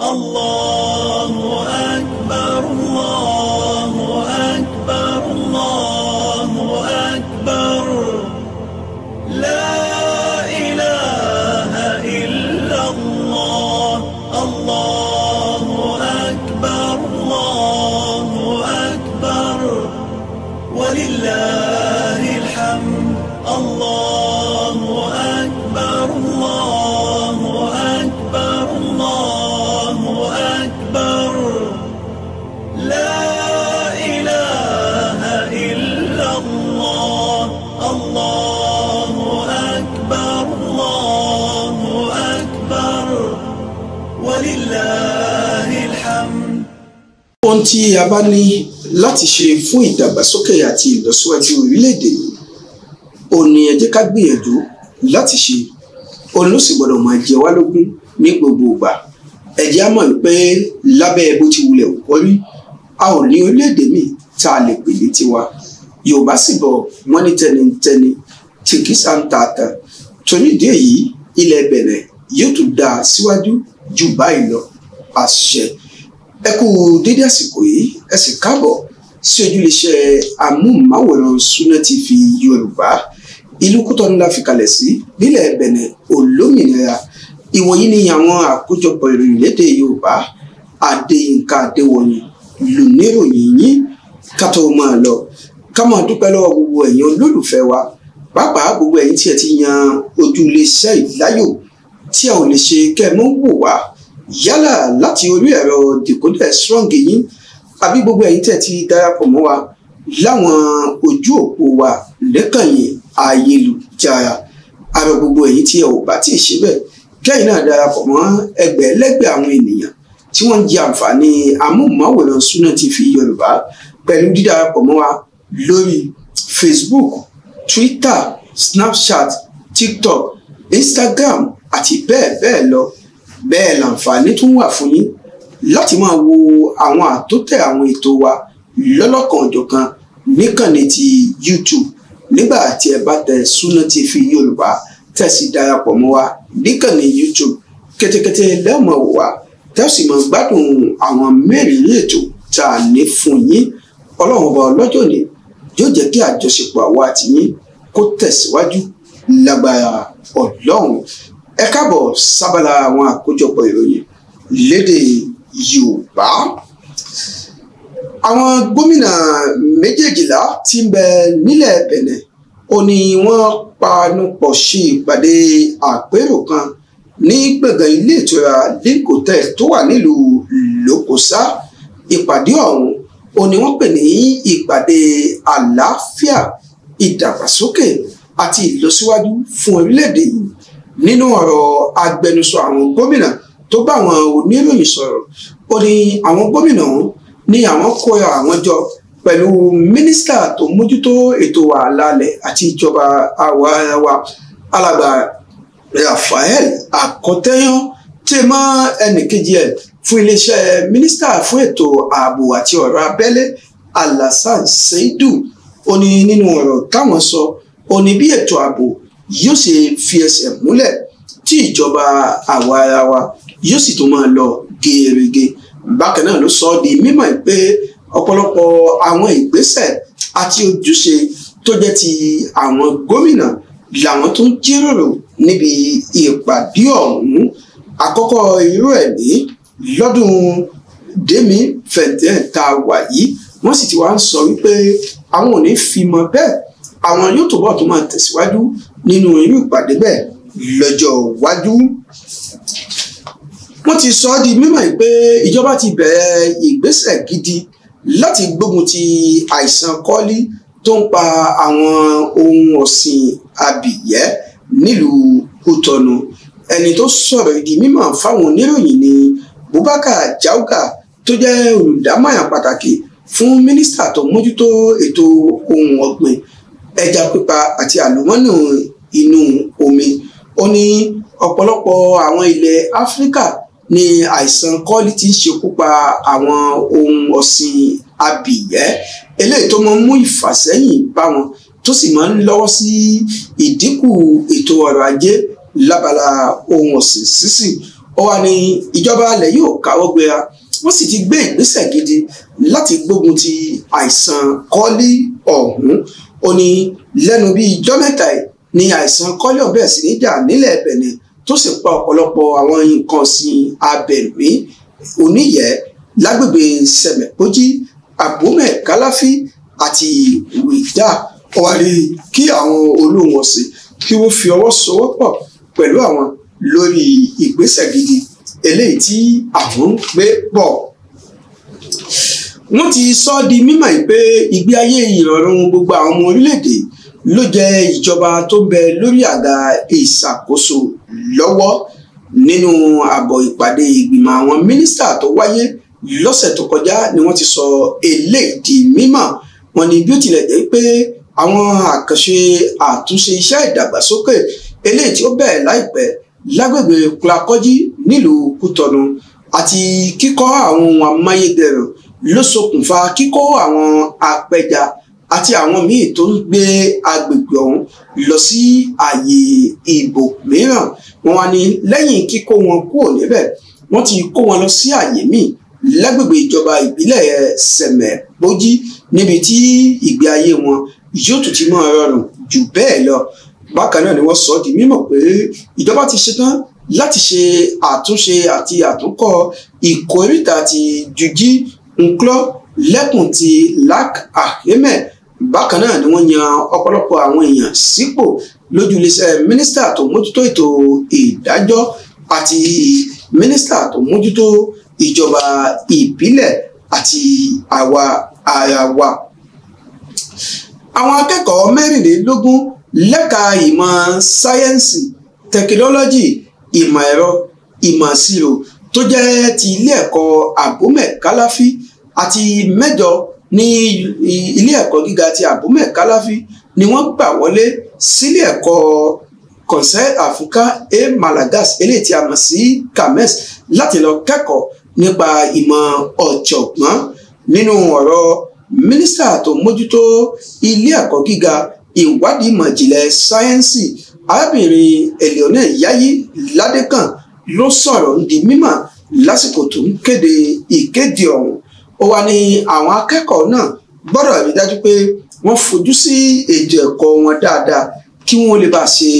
الله أكبر ohun tí a bá ní láti ṣe fún ìdàgbàsókè àti ìlọsíwájú orílẹ̀-èdè yìí òun ni ẹ jẹ́ ká gbìyànjú láti ṣe òun ló sì gbọ́dọ̀ máa jẹ wá lógún ní gbogbo ìgbà ẹ jẹ́ á mọ̀ pé lábẹ́ bó ti wulẹ̀ òkọ́ rí a ò ní orílẹ̀-èdè míì tá a lè pè ní tiwa yorùbá sì bọ̀ wọ́n ní tẹnitẹni tí kì í sá ń ta ata torí ìdí èyí ilẹ̀ bẹ̀rẹ̀ yóò tún dáa síwájú jù báyìí lọ àṣẹ ẹ kú dédé àsìkò yìí ẹ sì káàbọ̀ sí ojúlẹ̀ṣẹ̀ amóhùnmáwòrán Sunna TV Yorùbá ìlú Kútọ́nù la fi kalẹ̀ sí nílẹ̀ Bẹ̀nẹ̀ olómìnira ìwọ̀nyí ni àwọn àkójọpọ̀ ìròyìn lédè Yorùbá Adéyínká Adéwọ̀yìn lóníròyìn yín ká tó máa lọ ká máa dúpẹ́ lọ́wọ́ gbogbo ẹ̀yin olólùfẹ́ wa pàápàá gbogbo ẹ̀yin tí ẹ ti yan ojúlẹ̀ṣẹ̀ ìláyò tí a ò lè ṣe kẹ́ ẹ mọ́ wò wá yálà láti orí ẹ̀rọ dìkódẹ̀ strong yín àbí gbogbo ẹ̀yin tẹ̀ ti darapọ̀ mọ́ wa láwọn ojú òpó wa lẹ́kànnì ayélujára àrò gbogbo ẹ̀yin tí ẹ ò bá tíì ṣe bẹ́ẹ̀ kẹ́yìn náà darapọ̀ mọ́ ẹgbẹ̀lẹ́gbẹ̀ àwọn ènìyàn tí wọ́n ń jẹ àǹfààní amóhùnmáwòrán Sunna TV Yorùbá pẹ̀lú dídarapọ̀ mọ́ wa lórí Facebook Twitter Snapchat TikTok Instagram àti bẹ́ẹ̀ bẹ́ẹ̀ lọ bẹ́ẹ̀ làǹfààní tún wà fún yín láti máa wo àwọn àtúntẹ̀ àwọn ètò wa lọ́lọ́kanòjọ̀kan níkànnì ti YouTube nígbà tí ẹ bá tẹ Sunna TV Yorùbá tẹ̀sí darapọ̀ mọ́ wa níkànnì YouTube kẹ́tẹ́kẹ́tẹ́ lẹ́mọ̀ wá tẹ́sí máa gbádùn àwọn mẹ́rin ètò tá a ní fún yín ọlọ́run ọba ọlọ́jọ́ ni yóò jẹ́ kí àjọṣepọ̀ àwa àti yín kó tẹ̀síwájú lágbára ọlọ́run ẹ káàbọ̀ sábàlá àwọn àkójọpọ̀ ìròyìn lédè yorùbá àwọn gómìnà méjèèjìlá tí ń bẹ nílẹ̀ bẹ̀nẹ̀ ó ní wọ́n panupọ̀ sí ìpàdé àpérò kan ní gbọ̀ngàn ilé ìtura link hotel tó wà nílùú lókòsá ìpàdé ọ̀hún ó ní wọ́n pè ní ìpàdé àlàáfíà ìdàgbàsókè àti ìlọsíwájú fún orílẹ̀-èdè yìí nínú ọ̀rọ̀ agbẹnusọ àwọn gómìnà tó bá àwọn oníròyìn sọ̀rọ̀ ó ní àwọn gómìnà ọ̀hún ní àwọn kóra àwọn jọ pẹ̀lú mínísítà tó mójútó ètò àlàálẹ̀ àti ìjọba àwa wa alàgbà Raphael Akọtẹ́yán tí mọ́ ẹnìkejì ẹ̀ fún iléeṣẹ́ mínísítà fún ètò ààbò àti ọ̀rọ̀ abẹ́lé Alassane Seidu ó ní nínú ọ̀rọ̀ táwọn sọ ó ní bí ètò ààbò yóò ṣe fi ẹsẹ̀ múlẹ̀ tí ìjọba àwa ara wa yóò sì tún máa lọ gerege bákan náà ló sọ ọ́ di mímọ̀ pé ọ̀pọ̀lọpọ̀ àwọn ìgbésẹ̀ àti ojúṣe tó jẹ́ ti àwọn gómìnà làwọn tó ń jíròrò níbi ìpàdé ọ̀hún àkọ́kọ́ irú ẹ̀ ní lọ́dún dèmí fẹ̀ǹtẹ̀ wà yìí wọ́n sì ti wá ń sọ wípé àwọn ò ní fi mọ bẹ́ẹ̀ àwọn yóò túbọ̀ tún máa tẹ̀síwájú nínú irú ìpàdé bẹ́ẹ̀ lọ́jọ́ iwájú. wọ́n ti sọ ọ́ di mímọ̀ pé ìjọba ti bẹ̀rẹ̀ ìgbésẹ̀ gidi láti gbógun ti àìsàn kọ́lí tó ń pa àwọn ohun ọ̀sìn abìyẹ́ nílùú Kútọ́nù ẹni tó sọ̀rọ̀ ìdí mímọ̀ fáwọn oníròyìn ni Bùbákà Jauka tó jẹ́ olùdámọ̀ràn pàtàkì fún mínísítà tó mójútó ètò ohun ọ̀gbìn ẹja pípa àti àlùmọ́nì inú omi ó ní ọ̀pọ̀lọpọ̀ àwọn ilẹ̀ áfíríkà ni àìsàn kọ́ọ̀lì ti ń ṣekú pa àwọn ohun ọ̀sìn abìyẹ́ eléyìí tó máa ń mú ìfàsẹ́yìn bá wọn tó sì máa ń lọ́wọ́ sí ìdínkù ètò ọrọ̀ ajé lábala ohun ọ̀sìn sísìn ó wà ní ìjọba alẹ̀ yóò káwọ́ gbéra wọ́n sì ti gbé ìgbésẹ̀ gidi láti gbógun ti àìsàn kọ́ọ̀lì ọ̀hún ó ní lẹ́nu bíi ijọ́ mẹ́ta yìí ni àìsàn kọ́lọ̀ bẹ̀ sí níjà nílẹ̀ Benin tó sì pa ọ̀pọ̀lọpọ̀ àwọn nǹkan ọ̀sìn abẹ̀mí oníyẹ̀ lágbègbè sẹ̀mẹ̀kójí àbúmẹ̀ kálàfí àti wìdá ọ̀wárí kí àwọn olóhùn ọ̀sìn kí wọ́n fi ọwọ́ sowọ́pọ̀ pẹ̀lú àwọn lórí ìgbésẹ̀ gidi eléyìí tí àwọn ń gbé bọ̀ wọ́n ti sọ di mímọ̀ pé ìgbé ayé ìrọ̀rùn gbogbo àwọn ọmọ orílẹ̀-èdè ló jẹ́ ìjọba tó ń bẹ lórí àga ìṣàkóso lọ́wọ́ nínú àbọ̀ ìpàdé ìgbìmọ̀ àwọn mínísítà tó wáyé lọ́sẹ̀ tó kọjá ni wọ́n ti sọ eléyìí di mímọ̀ wọ́n ní bí ó tilẹ̀ jẹ́ pé àwọn àkànṣe àtúnṣe iṣẹ́ ìdàgbàsókè eléyìí tí ó bẹ̀rẹ̀ láìpẹ́ lágbègbè kulakọ́jí nílùú kútọ́nù àti kíkọ́ àwọn ohun amáyédẹrùn ló ṣokùnfà kíkó àwọn apẹja àti àwọn míì tó ń gbé agbègbè ọ̀hún lọ sí àyè ìbò mìíràn wọn wá ní lẹ́yìn kíkó wọn kúrò níbẹ̀ wọ́n ti kó wọn lọ sí àyè míì lágbègbè ìjọba ìbílẹ̀ sẹ̀mẹ̀pọ́jí níbi tí ìgbé ayé wọn yóò tún ti máa rọrùn jù bẹ́ẹ̀ lọ bákan náà ni wọ́n sọ di mímọ̀ pé ìjọba ti ṣetán láti ṣe àtúnṣe àti àtúnkọ́ ìkóríta ti jují ńklọ́ lẹ́kùn ti lak ahmed bákan náà ni wọ́n yan ọ̀pọ̀lọpọ̀ àwọn èèyàn sípò lójú iléeṣẹ́ mínísítà tó mójútó ètò ìdájọ́ àti mínísítà tó mójútó ìjọba ìbílẹ̀ àti àwa àwa. àwọn akẹ́kọ̀ọ́ mẹ́rìnlélógún lẹ́ka ìmọ̀ sáyẹ́ǹsì tẹkinọ́lọ́jì ìmọ̀ ẹ̀rọ ìmọ̀ ìṣirò tó jẹ́ ti ilé ẹ̀kọ́ Abume Kalafi àti mẹ́jọ ní ilé ẹ̀kọ́ gíga ti Abume Kalafi ni wọ́n gbà wọlé sílé ẹ̀kọ́ Conseil Africain et Malagas eléyìí tí a mọ̀ sí CAMES láti lọ kẹ́kọ̀ọ́ nípa ìmọ̀ ọ̀jọ̀gbọ́n nínú ọ̀rọ̀ mínísítà tó mójútó ilé ẹ̀kọ́ gíga ìwádìí ìmọ̀ ìjìnlẹ̀ sáyẹ́ǹsì arábìnrin Eleonel Yayi Ládékàn ló sọ̀rọ̀ ń di mímọ̀ lásìkò tó ń kéde ìkéde ọ̀hún ó wá ní àwọn akẹ́kọ̀ọ́ náà gbọ́dọ̀ rí dájú pé wọ́n fojú sí ètò ẹ̀kọ́ wọn dáadáa kí wọ́n lè bá ṣe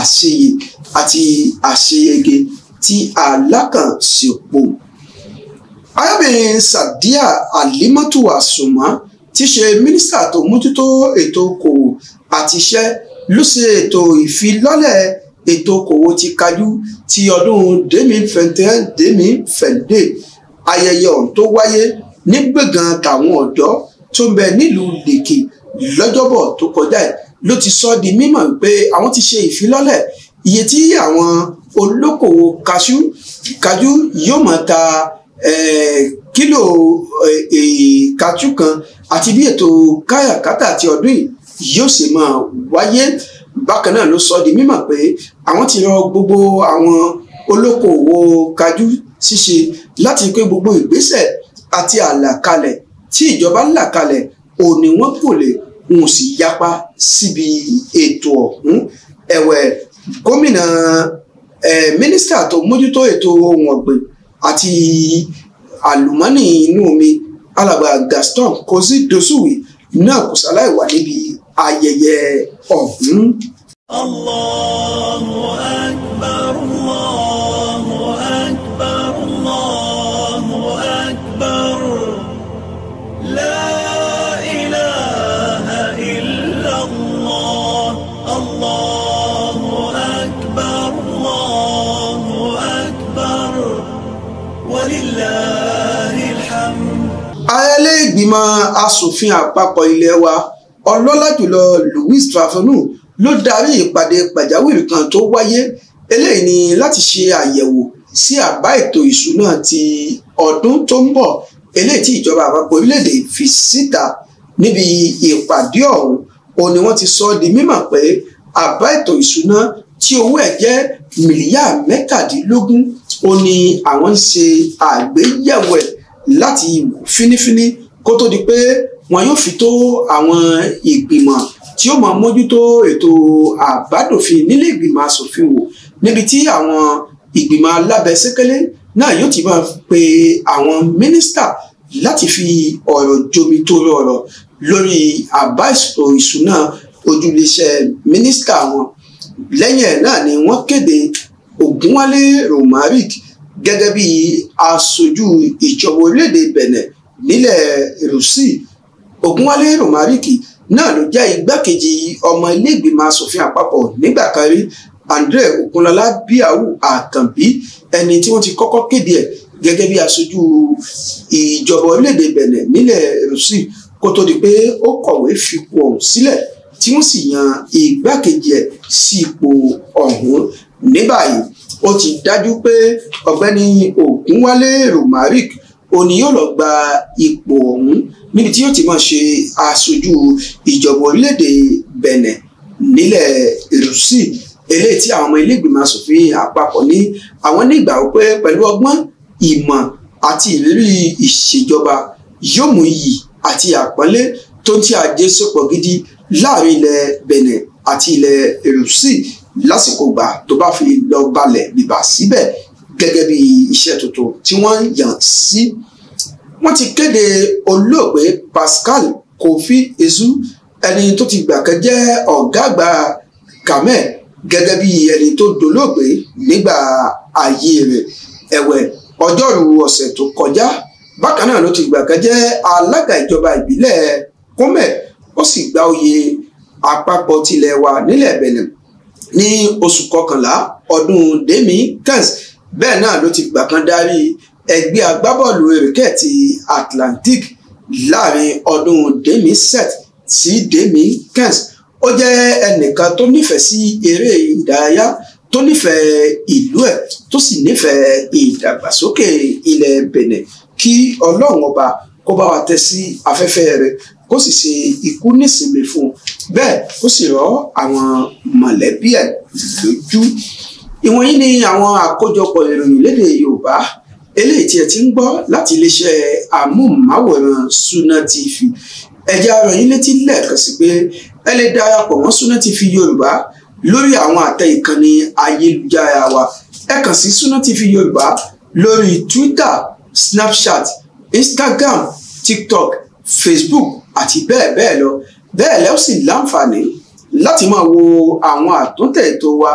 àṣeyè àti àṣeyege tí alákànṣepò. arábìnrin sadiya alimatu asuma ti ṣe mínísítà tó mójútó ètò okòwò àti iṣẹ́ ló ṣe ètò ìfilọ́lẹ̀ ètò okòwò ti kájú ti ọdún dèmí fẹ̀ǹtẹ́ dèmí fẹ̀ǹdé ayẹyẹ ọ̀hún tó wáyé ní gbẹ̀gàn tàwọn ọ̀dọ́ tó ń bẹ nílùú lèkì lọ́jọ́bọ̀ tó kọjá ẹ̀ ló ti sọ di mímọ̀ pé àwọn ti ṣe ìfilọ́lẹ̀ iye tí àwọn olókòwò kaṣú kájú yóò mọ̀ ta kílò kaṣú kan àti bí ètò káyàkátà àti ọdún yìí yóò sì máa wáyé bákan náà ló sọ di mímọ̀ pé àwọn ti yan gbogbo àwọn olókoòwò kájú ṣíṣe láti pé gbogbo ìgbésẹ̀ àti àlàkalẹ̀ tí ìjọba là kalẹ̀ òní wọn kò lè wọn sì yapa síbi ètò ọ̀hún ẹ̀wẹ̀ gómìnà mínísítà tó mójútó ètò ohun ọ̀gbìn àti àlùmọ́nì inú omi alàgbà Gaston Kosi Dosùwì náà kò sáláì wà níbi ayẹyẹ ọ̀hún. الله أكبر الله أكبر الله أكبر لا إله إلا الله الله أكبر الله أكبر ولله الحمد ayẹlẹ ìgbìmọ̀ asòfin àpapọ̀ ilé wa ọlọ́lá jùlọ Louis Trafanou ló darí ìpàdé pàjáwìrì kan tó wáyé eléyìí ni láti ṣe àyẹ̀wò sí àbá ètò ìṣúná ti ọdún tó ń bọ̀ eléyìí tí ìjọba àpapọ̀ orílẹ̀-èdè fi síta níbi ìpàdé ọ̀hún òun ni wọ́n ti sọ di mímọ̀ pé àbá ètò ìṣúná tí owó ẹ̀ jẹ́ mílíà mẹ́tàdínlógún ó ní àwọn ń ṣe àgbéyẹ̀wò ẹ̀ láti fínífíní kó tó di pé wọn yóò fi tó àwọn ìgbìmọ̀ tí ó máa mójútó ètò àbádòfin nílé ìgbìmọ̀ asòfin wò níbi tí àwọn ìgbìmọ̀ alábẹ́sẹ́kẹ́lé náà yóò ti máa pe àwọn mínísítà láti fi ọ̀rọ̀ jomi tó rọrọ̀ lórí àbá ètò ìṣúná ojúléṣẹ́ mínísítà wọn lẹ́yìn ẹ̀ náà ni wọ́n kéde Ògúnwálé Romaric gẹ́gẹ́ bí aṣojú ìjọba orílẹ̀-èdè Benin nílẹ̀ Rúsì Ògúnwálé Romaric náà ló jẹ́ igbákejì ọmọ ilé ìgbìmọ̀ asòfin àpapọ̀ nígbà kan rí Andre Okunlọlá Biawu Àkànbí ẹni tí wọ́n ti kọ́kọ́ kéde ẹ̀ gẹ́gẹ́ bí aṣojú ìjọba orílẹ̀-èdè Benin nílẹ̀ rúsì kó tó di pé ó kọ̀wé fipò ọ̀hún sílẹ̀ tí wọ́n sì yan igbákejì ẹ̀ sí ipò ọ̀hún ní báyìí ó ti dájú pé ọ̀gbẹ́ni Ògúnwálé Romaric òní yóò lọ gba ipò ọ̀hún níbi tí yóò ti máa ṣe aṣojú ìjọba orílẹ̀-èdè Benin nílẹ̀ Rúsì eléyìí tí àwọn ọmọ ilé ìgbìmọ̀ asòfin àpapọ̀ ní àwọn ní ìgbà wípé pẹ̀lú ọgbọ́n ìmọ̀ àti ìrírí ìṣèjọba yóò mú iyì àti àpọ́nlé tó ti àjẹsọpọ̀ gidi láàrin ilẹ̀ Benin àti ilẹ̀ Rúsì lásìkò gbà tó bá fi lọ balẹ̀ bìbà síbẹ̀ gẹ́gẹ́ bí iṣẹ́ tuntun tí wọ́n yàn sí. Si wọ́n ti kéde olóògbé Pascal Kofi Esu ẹni tó ti gbà kan jẹ́ ọ̀gá àgbà kàmẹ́ gẹ́gẹ́ bí ẹni tó dolóògbé nígbà ayé rẹ̀ ẹ̀wẹ̀ ọjọ́rùú ọ̀sẹ̀ tó kọjá bákan náà ló ti gbà kan jẹ́ alága ìjọba ìbílẹ̀ kúmẹ̀ ó sì gba oyè àpapọ̀ tilẹ̀ wa nílẹ̀ Benin ní oṣù kọkànlá ọdún demi kans bẹ́ẹ̀ náà ló ti gbà darí ẹgbẹ́ agbábọ́ọ̀lù ẹ̀ríkẹ́ ti Atlantic láàrin ọdún demi set sí demi quinze ó jẹ́ ẹnìkan tó nífẹ̀ẹ́ sí eré ìdárayá tó nífẹ̀ẹ́ ìlú ẹ̀ tó sì nífẹ̀ẹ́ ìdàgbàsókè ilẹ̀ Benin kí ọlọ́run ọba kó bá wa tẹ́ sí afẹ́fẹ́ rẹ̀ kó sì ṣe ikú nísinmi fún un bẹ́ẹ̀ kó sì rọ̀ àwọn mọ̀lẹ́bí ẹ̀ lójú ìwọ̀nyí ni àwọn àkójọpọ̀ ìròyìn lédè Yorùbá eléyìí tí ẹ ti ń gbọ́ láti iléeṣẹ́ amóhùnmáwòrán Sunna TV ẹ̀jẹ̀ ara yín létí lẹ́ẹ̀kan sí pé ẹ lè darapọ̀ mọ́ Sunna TV Yorùbá lórí àwọn àtẹ ìkànnì ayélujára wa ẹ kàn sí Sunna TV Yorùbá lórí Twitter Snapchat Instagram TikTok Facebook àti bẹ́ẹ̀ bẹ́ẹ̀ lọ bẹ́ẹ̀ lẹ́ ó sì láǹfààní láti máa wo àwọn àtúntẹ̀ ètò wa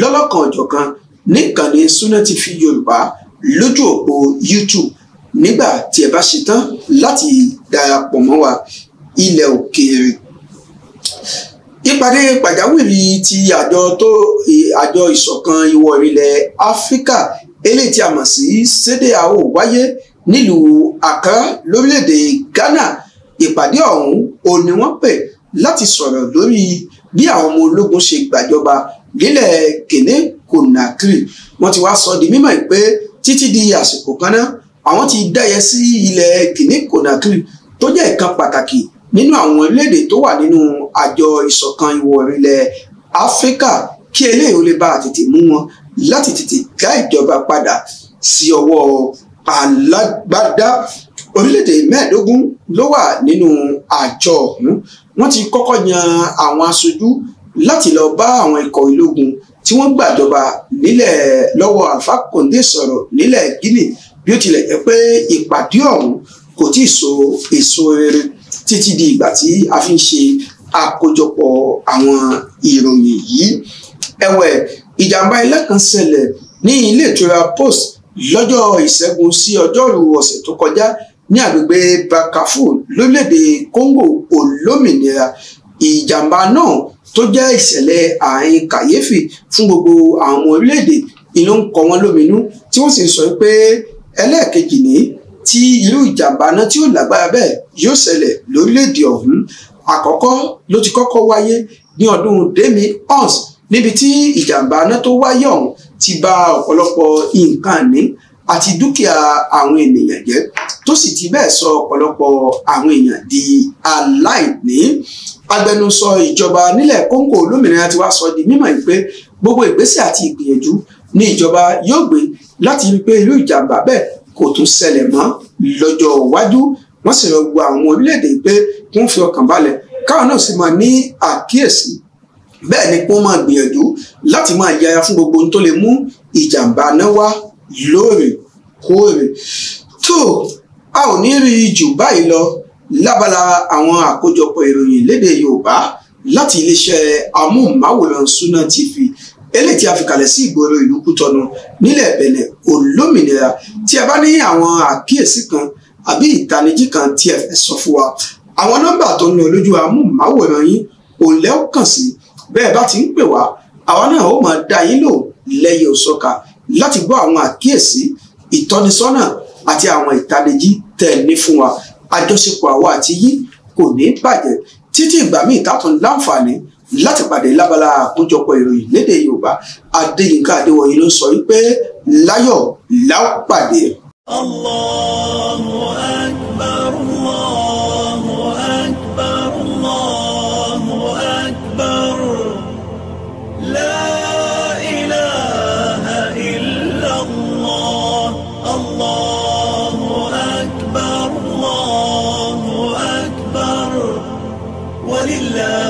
lọ́lọ́kan ọ̀jọ̀kan níkànnì Sunna TV Yorùbá lójú òpó YouTube nígbà tí ẹ bá ṣetán láti darapọ̀ mọ́ wa ilẹ̀ òkèèrè ìpàdé pàjáwìrì ti àjọ tó àjọ ìṣọ̀kan ìwọ̀ ìrìnlẹ̀ áfíríkà eléyìí tí a mọ̀ sí CEDEAO wáyé nílùú Accra lórílẹ̀‐èdè Ghana ìpàdé ọ̀hún ò ní wọ́n pè láti sọ̀rọ̀ lórí bí àwọn ọmọ ológun ṣe gbàjọba nílẹ̀ Guinea Conakry wọ́n ti wá sọ di mímọ̀ pé títí di àsìkò kan náà àwọn ti dáyẹ sí ilẹ̀ Guinea Conakry tó jẹ́ ìkan pàtàkì nínú àwọn orílẹ̀-èdè tó wà nínú àjọ ìṣọ̀kan ìwọ̀ ilẹ̀ Áfíríkà kí eléyìí ó lè bá tètè mú wọn láti tètè dá ìjọba padà sí ọwọ́ alágbádá orílẹ̀-èdè mẹ́ẹ̀ẹ́dógún ló wà nínú àjọ ọ̀hún wọ́n ti kọ́kọ́ yan àwọn aṣojú láti lọ bá àwọn ikọ̀ ológun tí wọ́n gbàjọba nílẹ̀ lọ́wọ́ alfa Condé sọ̀rọ̀ nílẹ̀ Guinea bí ó tilẹ̀ jẹ́ pé ìpàdé ọ̀hún kò tí ì so èso rere títí di ìgbà tí a fi ń ṣe àkójọpọ̀ àwọn ìròyìn yìí ẹ̀wẹ̀ ìjàmbá ilé kan ṣẹlẹ̀ ní ilé ìtura post lọ́jọ́ ìṣẹ́gun sí ọjọ́rú ọ̀sẹ̀ tó kọjá ní agbègbè Brazzaville lórílẹ̀‐èdè Congo olómìnira ìjàmbá náà tó jẹ́ ìṣẹ̀lẹ̀ ààrin kàyéfì fún gbogbo àwọn orílẹ̀-èdè inú ń kọ wọ́n lóminú tí wọ́n sì sọ pé ẹlẹ́ẹ̀kejì ní tí irú ìjàmbá náà tí ó lágbára bẹ́ẹ̀ yóò ṣẹlẹ̀ lórílẹ̀-èdè ọ̀hún àkọ́kọ́ ló ti kọ́kọ́ wáyé ní ọdún demi ons níbi tí ìjàmbá náà tó wáyé ọ̀hún ti bà ọ̀pọ̀lọpọ̀ nǹkan ní àti dúkìá àwọn ènìyàn jẹ́ tó sì ti bẹ́ẹ̀ sọ ọ̀pọ̀lọpọ̀ àwọn èèyàn di aláìní agbẹnusọ ìjọba nílẹ̀ Kóńgò olómìnira ti wá sọ di mímọ̀ pé gbogbo ìgbésẹ̀ àti ìgbìyànjú ní ìjọba yóò gbé láti rí pé irú ìjàmbá bẹ́ẹ̀ kò tún ṣẹlẹ̀ mọ́ lọ́jọ́ iwájú wọ́n sì rọ gbogbo àwọn orílẹ̀-èdè pé kí wọ́n fi ọkàn balẹ̀ káwọn náà sì máa ní àkíyèsí bẹ́ẹ̀ ni kí wọ́n máa gbìyànjú láti máa yára fún gbogbo ohun tó lè mú ìjàmbá náà wá lóòrèkóòrè tó a ò ní rí jù báyìí lọ lábala àwọn àkójọpọ̀ ìròyìn lédè Yorùbá láti iléeṣẹ́ amóhùnmáwòrán Sunna TV eléyìí tí a fi kalẹ̀ sí ìgboro ìlú Kútọ́nù nílẹ̀ Bẹ̀nẹ̀ olómìnira tí ẹ bá ní àwọn àkíyèsí kan àbí ìtanijí kan tí ẹ fẹ́ sọ fún wa àwọn nọ́mbà tó ń lọ lójú amóhùnmáwòrán yín òun lẹ́ ó kàn sí bẹ́ẹ̀ bá ti ń pè wá àwa náà ó máa dá yín lò lẹ́yẹ òsọ̀ka láti gbọ́ àwọn àkíyèsí ìtọ́nisọ́nà àti àwọn ìtanijí tẹ̀ ní fún wa àjọṣepọ̀ àwa àti yí kò ní bàjẹ́ títí ìgbà míì tátùn láǹfààní láti pàdé lábala àkójọpọ̀ ìròyìn lédè yorùbá adéyínká adéwọ̀yí ló sọ wípé láyọ̀ lápàdé. Allahu Akbar. love.